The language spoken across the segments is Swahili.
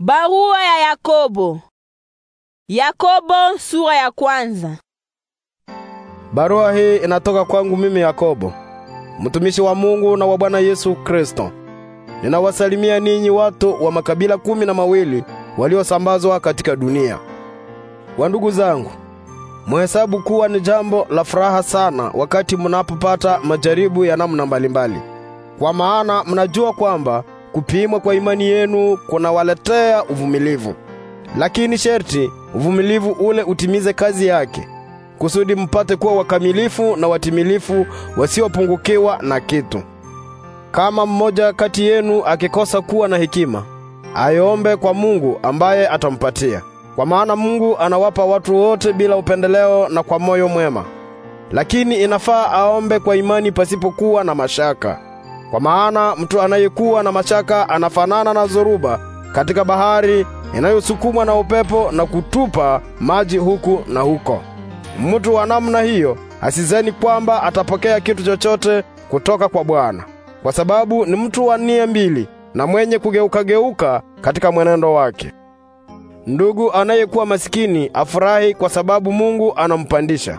Barua ya Yakobo. Yakobo sura ya kwanza. Barua hii inatoka kwangu mimi Yakobo, mtumishi wa Mungu na wa Bwana Yesu Kristo. Ninawasalimia ninyi watu wa makabila kumi na mawili waliosambazwa katika dunia. Wandugu zangu, muhesabu kuwa ni jambo la furaha sana wakati munapopata majaribu ya namna mbalimbali. Kwa maana mnajua kwamba kupimwa kwa imani yenu kunawaletea uvumilivu. Lakini sherti uvumilivu ule utimize kazi yake, kusudi mpate kuwa wakamilifu na watimilifu, wasiopungukiwa na kitu. Kama mmoja kati yenu akikosa kuwa na hekima, ayombe kwa Mungu ambaye atampatia, kwa maana Mungu anawapa watu wote bila upendeleo na kwa moyo mwema. Lakini inafaa aombe kwa imani pasipokuwa na mashaka. Kwa maana mtu anayekuwa na mashaka anafanana na zoruba katika bahari inayosukumwa na upepo na kutupa maji huku na huko. Mtu wa namna hiyo asizeni kwamba atapokea kitu chochote kutoka kwa Bwana, kwa sababu ni mtu wa nia mbili na mwenye kugeuka-geuka katika mwenendo wake. Ndugu anayekuwa masikini afurahi kwa sababu Mungu anampandisha,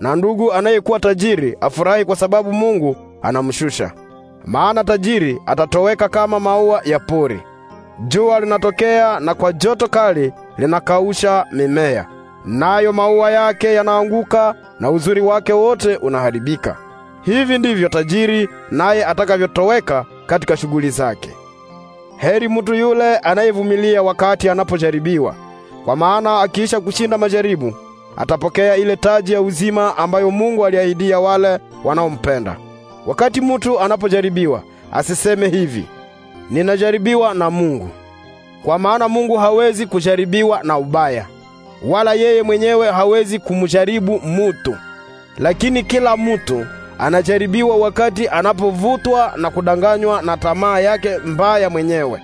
na ndugu anayekuwa tajiri afurahi kwa sababu Mungu anamshusha maana tajiri atatoweka kama maua ya pori. Jua linatokea na kwa joto kali linakausha mimea, nayo maua yake yanaanguka na uzuri wake wote unaharibika. Hivi ndivyo tajiri naye atakavyotoweka katika shughuli zake. Heri mtu yule anayevumilia wakati anapojaribiwa, kwa maana akiisha kushinda majaribu atapokea ile taji ya uzima ambayo Mungu aliahidia wale wanaompenda. Wakati mutu anapojaribiwa, asiseme hivi, ninajaribiwa na Mungu. Kwa maana Mungu hawezi kujaribiwa na ubaya, wala yeye mwenyewe hawezi kumjaribu mutu. Lakini kila mutu anajaribiwa wakati anapovutwa na kudanganywa na tamaa yake mbaya mwenyewe.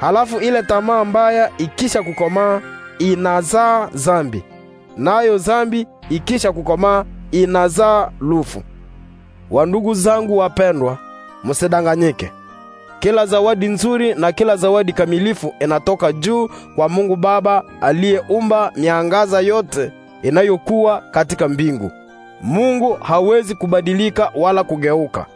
Halafu ile tamaa mbaya ikisha kukomaa inazaa zambi, nayo zambi ikisha kukomaa inazaa lufu. Wandugu zangu wapendwa, musidanganyike. Kila zawadi nzuri na kila zawadi kamilifu inatoka juu kwa Mungu Baba aliyeumba miangaza yote inayokuwa katika mbingu. Mungu hawezi kubadilika wala kugeuka.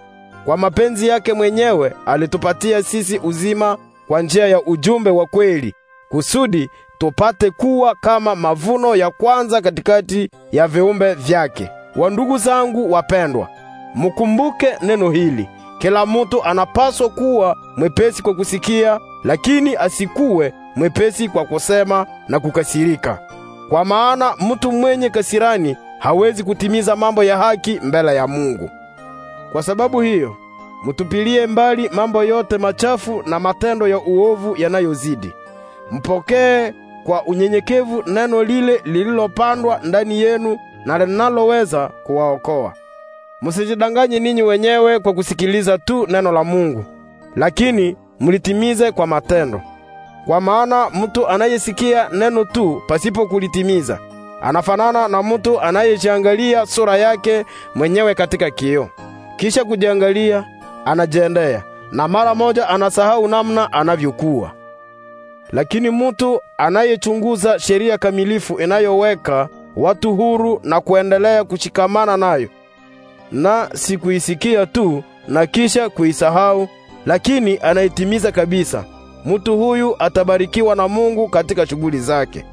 Kwa mapenzi yake mwenyewe alitupatia sisi uzima kwa njia ya ujumbe wa kweli, kusudi tupate kuwa kama mavuno ya kwanza katikati ya viumbe vyake. Wandugu zangu wapendwa, Mkumbuke neno hili, kila mtu anapaswa kuwa mwepesi kwa kusikia, lakini asikuwe mwepesi kwa kusema na kukasirika, kwa maana mtu mwenye kasirani hawezi kutimiza mambo ya haki mbele ya Mungu. Kwa sababu hiyo, mutupilie mbali mambo yote machafu na matendo ya uovu yanayozidi. Mpokee kwa unyenyekevu neno lile lililopandwa ndani yenu na linaloweza kuwaokoa. Musijidanganye ninyi wenyewe kwa kusikiliza tu neno la Mungu, lakini mulitimize kwa matendo. Kwa maana mtu anayesikia neno tu pasipo kulitimiza anafanana na mtu anayejiangalia sura yake mwenyewe katika kioo, kisha kujiangalia anajiendea na mara moja anasahau namna anavyokuwa. Lakini mtu anayechunguza sheria kamilifu inayoweka watu huru na kuendelea kushikamana nayo na sikuisikia tu na kisha kuisahau, lakini anaitimiza kabisa. Mtu huyu atabarikiwa na Mungu katika shughuli zake.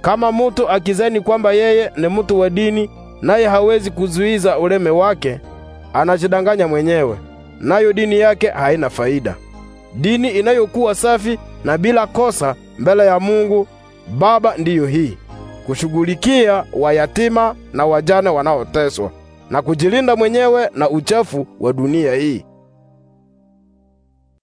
Kama mutu akizani kwamba yeye ni mutu wa dini naye hawezi kuzuiza uleme wake, anajidanganya mwenyewe, nayo dini yake haina faida. Dini inayokuwa safi na bila kosa mbele ya Mungu Baba ndiyo hii: kushughulikia wayatima na wajane wanaoteswa na kujilinda mwenyewe na uchafu wa dunia hii.